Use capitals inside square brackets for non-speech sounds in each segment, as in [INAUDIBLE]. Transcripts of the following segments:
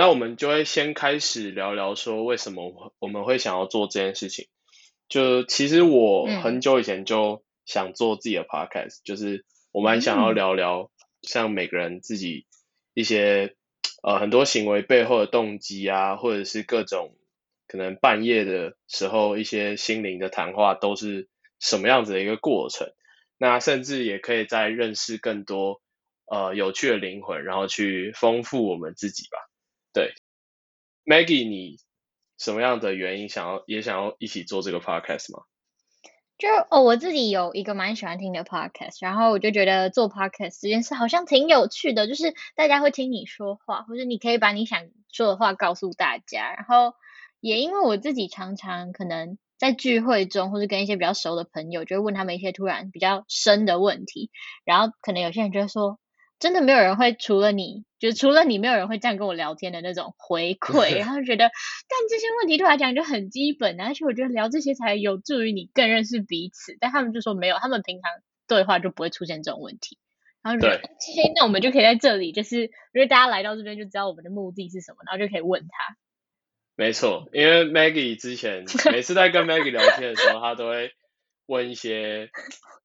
那我們就會先開始聊聊，說為什麼我們會想要做這件事情。就其實我很久以前就想做自己的 podcast，就是我們還想要聊聊，像每個人自己一些呃很多行為背後的動機啊，或者是各種可能半夜的時候一些心靈的談話都是什麼樣子的一個過程。那甚至也可以再認識更多呃有趣的靈魂，然後去豐富我們自己吧。對，Maggie，你什麼樣的原因想要也想要一起做這個 podcast 嗎？就哦，我自己有一個蠻喜歡聽的 podcast，然後我就覺得做 podcast 這件事好像挺有趣的，就是大家會聽你說話，或者你可以把你想說的話告訴大家。然後也因為我自己常常可能在聚會中，或是跟一些比較熟的朋友，就會問他們一些突然比較深的問題，然後可能有些人就會說。真的沒有人會，除了你就除了你，就是除了你沒有人會這樣跟我聊天的那種回饋， [LAUGHS] 然後覺得，但這些問題對他來講就很基本、啊，而且我覺得聊這些才有助於你更認識彼此。但他們就說沒有，他們平常對話就不會出現這種問題，然後覺得，對那我們就可以在這裡，就是因為大家來到這邊就知道我們的目的是什麼，然後就可以問他。沒錯，因為 Maggie 之前每次在跟 Maggie 聊天的時候， [LAUGHS] 他都會問一些，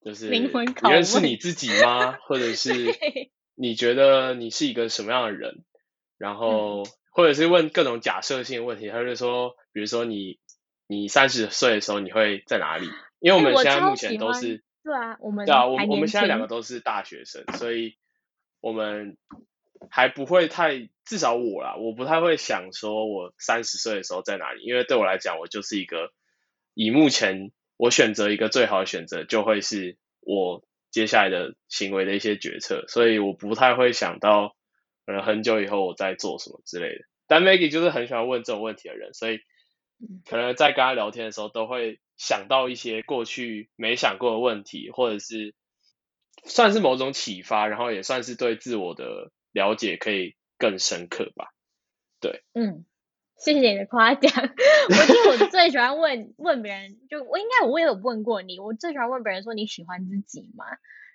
就是靈魂拷問，認是你自己嗎？或者是？ [LAUGHS] 你覺得你是一個什麼樣的人？然後、嗯、或者是問各種假設性的問題，還是說，比如說你你三十歲的時候你會在哪裡？因為我們現在目前都是、欸、我對啊，我們對啊，我我們現在兩個都是大學生，所以我們還不會太至少我啦，我不太會想說我三十歲的時候在哪裡，因為對我來講，我就是一個以目前我選擇一個最好的選擇，就會是我。接下來的行為的一些決策，所以我不太會想到，可能很久以後我在做什麼之類的。但 Maggie 就是很喜歡問這種問題的人，所以可能在跟他聊天的時候，都會想到一些過去沒想過的問題，或者是算是某種啟發，然後也算是對自我的了解可以更深刻吧。對，嗯。謝謝你的誇獎， [LAUGHS] 我覺得我最喜歡問 [LAUGHS] 問別人，就我應該我也有問過你，我最喜歡問別人說，你喜歡自己嗎？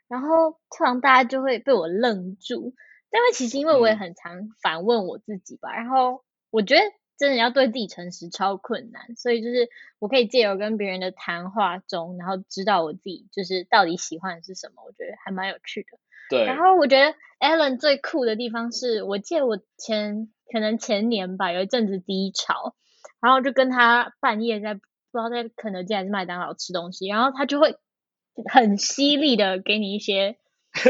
然後突然大家就會被我愣住，但是其實因為，我也很常反問我自己吧，嗯、然後我覺得真的要對自己誠實超困難，所以就是我可以借由跟別人的談話中，然後知道我自己就是到底喜歡的是什麼，我覺得還蠻有趣的。對。然後我覺得 Alan 最酷的地方是，我借我前。可能前年吧，有一陣子低潮，然後就跟他半夜在不知道在肯德基還是麥當勞吃東西，然後他就會很犀利的給你一些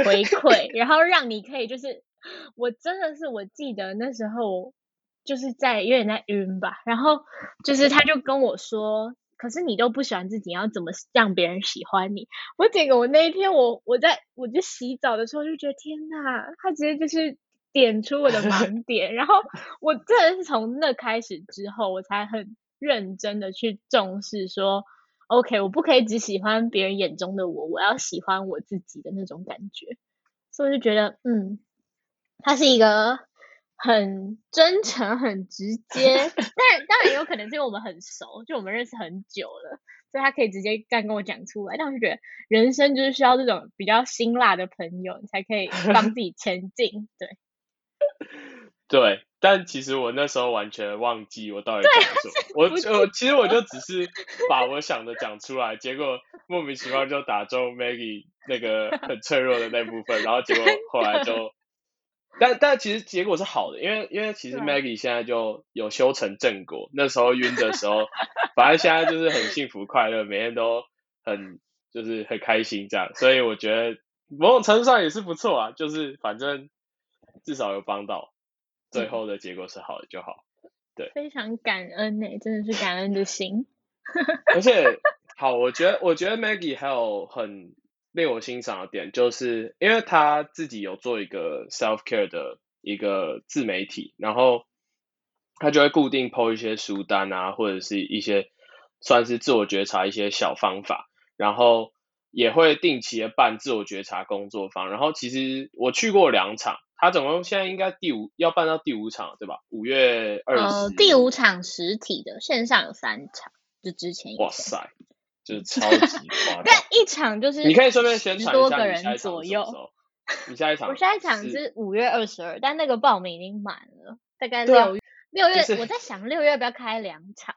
回饋， [LAUGHS] 然後讓你可以就是，我真的是我記得那時候我就是在有點在暈吧，然後就是他就跟我說，可是你都不喜歡自己，要怎麼讓別人喜歡你？我整個我那一天我我在我就洗澡的時候就覺得天吶，他直接就是。點出我的盲點，然後我真的是從那開始之後，我才很認真的去重視說，OK，我不可以只喜歡別人眼中的我，我要喜歡我自己的那種感覺。所以我就覺得，嗯，他是一個很真誠、很直接， [LAUGHS] 但當然也有可能是因為我們很熟，就我們認識很久了，所以他可以直接這樣跟我講出來。但我就覺得，人生就是需要這種比較辛辣的朋友，才可以幫自己前進。對。對，但其實我那時候完全忘記我到底講什麼，對我不我其實我就只是把我想的講出來， [LAUGHS] 結果莫名其妙就打中 Maggie 那個很脆弱的那部分，然後結果後來就， [LAUGHS] 但但其實結果是好的，因為因為其實 Maggie 現在就有修成正果，對那時候暈的時候，反正現在就是很幸福快樂，每天都很就是很開心這樣，所以我覺得某種程度上也是不錯啊，就是反正。至少有幫到，最後的結果是好的就好。嗯、對，非常感恩呢、欸，真的是感恩的心。 [LAUGHS] 而且，好，我覺得我覺得 Maggie 還有很令我欣賞的點，就是因為他自己有做一個 self care 的一個自媒體，然後他就會固定 po 一些書單啊，或者是一些算是自我覺察一些小方法，然後也會定期的辦自我覺察工作坊。然後，其實我去過兩場。他、啊、總共現在應該第五要辦到第五場對吧？五月二十，呃，第五場實體的，線上有三場，就之前。哇塞，就是超級誇張。 [LAUGHS] 但一場就是你可以順便宣傳一下。十多個人左右，你下，你下一場。我下一場是五月二十二，是但那個報名已經滿了，大概六月對六月。就是、我在想六月要不要開兩場。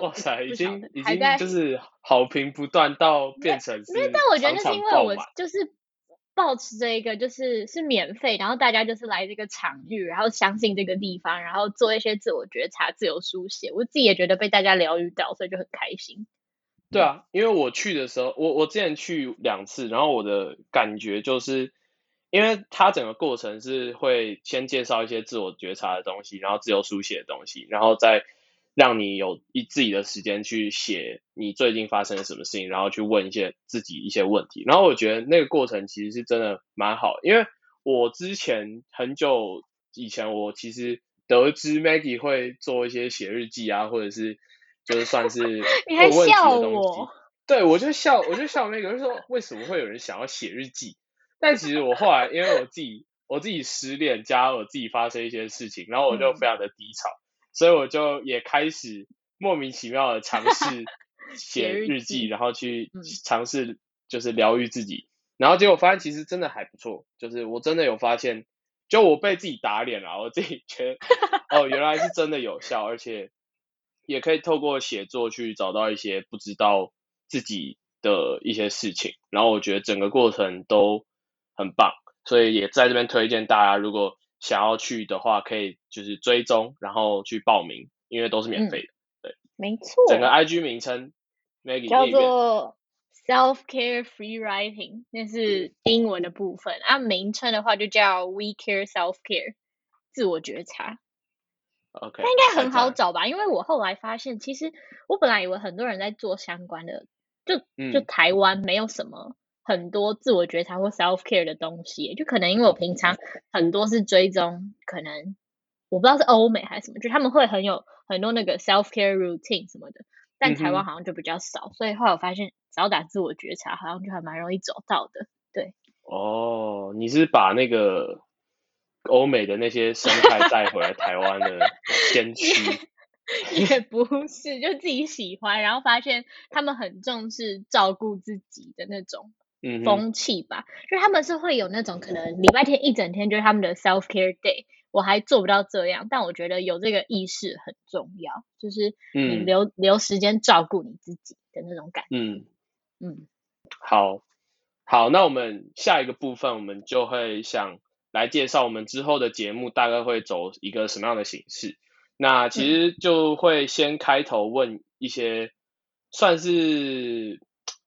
哇塞，已經已經就是好評不斷到變成是常常。因為但，但我覺得就是因為我就是。保持這一個就是是免費，然後大家就是來這個場域，然後相信這個地方，然後做一些自我覺察、自由書寫。我自己也覺得被大家療癒到，所以就很開心。對啊，因為我去的時候，我我之前去兩次，然後我的感覺就是，因為它整個過程是會先介紹一些自我覺察的東西，然後自由書寫的東西，然後再。讓你有一自己的時間去寫你最近發生了什麼事情，然後去問一些自己一些問題，然後我覺得那個過程其實是真的蠻好的，因為我之前很久以前我其實得知 Maggie 會做一些寫日記啊，或者是就是算是問問題的東西，我對我就笑，我就笑那個，就是說為什麼會有人想要寫日記？但其實我後來因為我自己我自己失戀加我自己發生一些事情，然後我就非常的低潮。嗯所以我就也開始莫名其妙的嘗試寫日記，然後去嘗試就是療癒自己，然後結果發現其實真的還不錯，就是我真的有發現，就我被自己打臉啦，我自己覺得，哦，原來是真的有效， [LAUGHS] 而且也可以透過寫作去找到一些不知道自己的一些事情，然後我覺得整個過程都很棒，所以也在這邊推薦大家如果想要去的話，可以就是追蹤，然後去報名，因為都是免費的，嗯、對，沒錯。整個 I G 名稱叫做 Self Care Free Writing，那是英文的部分按、啊、名稱的話就叫 We Care Self Care，自我覺察。O K，那應該很好找吧？長因為我後來發現，其實我本來以為很多人在做相關的，就、嗯、就台灣沒有什麼。很多自我覺察或 self care 的東西，就可能因為我平常很多是追蹤，可能我不知道是歐美還是什麼，就他們會很有很多那個 self care routine 什麼的，但台灣好像就比較少，嗯、哼所以後來我發現少打自我覺察，好像就還蠻容易找到的，對。哦，你是把那個歐美的那些生態帶回來台灣的先驅？ [LAUGHS] 也不是， [LAUGHS] 就自己喜歡，然後發現他們很重視照顧自己的那種。嗯，風氣吧，嗯哼，就他們是會有那種可能禮拜天一整天就是他們的 self care day，我還做不到這樣，但我覺得有這個意識很重要，就是留、嗯、留時間照顧你自己的那種感覺。嗯嗯，嗯好，好，那我們下一個部分，我們就會想來介紹我們之後的節目大概會走一個什麼樣的形式。那其實就會先開頭問一些算是。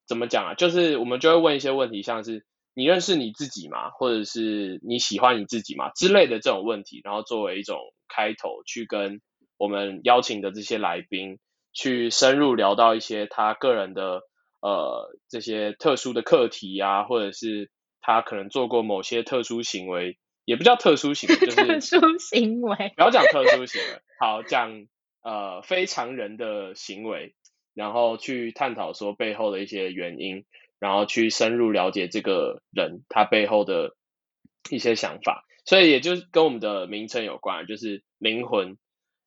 怎麼講啊？就是我們就會問一些問題，像是你認識你自己嗎？或者是你喜歡你自己嗎？之類的這種問題，然後作為一種開頭，去跟我們邀請的這些來賓去深入聊到一些他個人的呃這些特殊的課題啊，或者是他可能做過某些特殊行為，也不叫特殊行為，就是，特殊行為。不要講特殊行為，好，講呃非常人的行為。然後去探討說背後的一些原因，然後去深入了解這個人他背後的一些想法，所以也就是跟我們的名稱有關，就是靈魂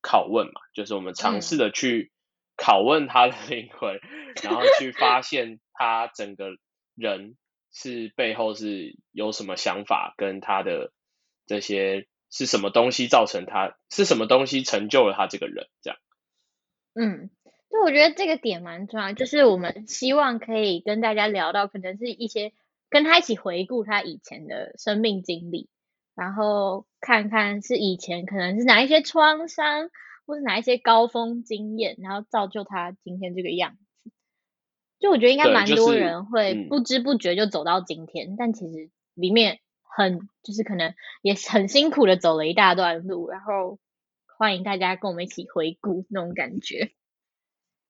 拷問嘛，就是我們嘗試的去拷問他的靈魂，嗯、然後去發現他整個人是背後是有什麼想法，跟他的這些是什麼東西造成他，是什麼東西成就了他這個人，這樣，嗯。就我覺得這個點蠻重要，就是我們希望可以跟大家聊到，可能是一些跟他一起回顧他以前的生命經歷，然後看看是以前可能是哪一些創傷，或是哪一些高峰經驗，然後造就他今天這個樣子。就我覺得應該蠻多人會不知不覺就走到今天，就是嗯、但其實裡面很，就是可能也是很辛苦的走了一大段路，然後歡迎大家跟我們一起回顧那種感覺。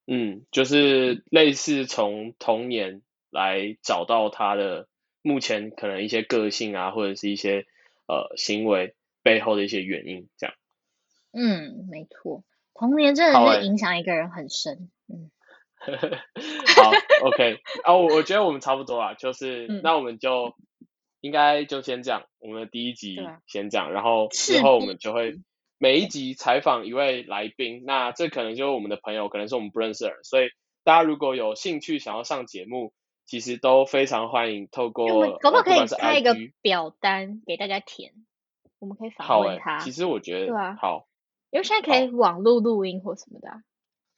嗯，就是類似從童年來找到他的目前可能一些個性啊，或者是一些呃行為背後的一些原因，這樣。嗯，沒錯，童年真的是影響一個人很深。欸、嗯。 [LAUGHS] 好 [LAUGHS] ，OK 啊，我我覺得我們差不多啊，就是、嗯、那我們就應該就先這樣，我們的第一集先這樣，吧然後之後我們就會。每一集採訪一位來賓，那這可能就是我們的朋友，可能是我們不認識的人，所以大家如果有興趣想要上節目，其實都非常歡迎。透過可不可以開一個表單給大家填？我們可以訪問他好、欸。其實我覺得對、啊、好，因為現在可以網絡錄音或什麼的、啊。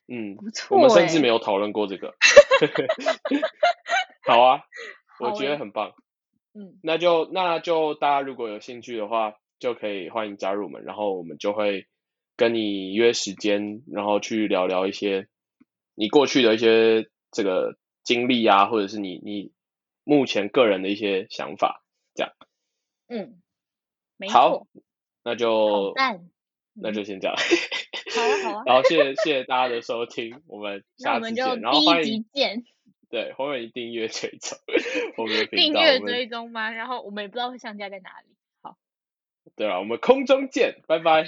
嗯，不錯、欸，我們甚至沒有討論過這個。 [LAUGHS] [LAUGHS] 好啊，我覺得很棒。欸、嗯，那就那，那就大家如果有興趣的話就可以歡迎加入我們，然後我們就會跟你約時間，然後去聊聊一些你過去的一些這個經歷啊，或者是你你目前個人的一些想法，這樣。嗯，沒錯，好，那就、嗯、那就先這樣。 [LAUGHS] 好啊好啊，然後謝謝謝謝大家的收聽， [LAUGHS] 我們下次見，第一集見，然後歡迎見。 [LAUGHS] 對，歡迎訂閱追蹤，歡迎訂閱追蹤嗎？我們…然後我們也不知道會上架在哪裡。對吧？啊，我們空中見，拜拜，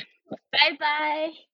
拜拜。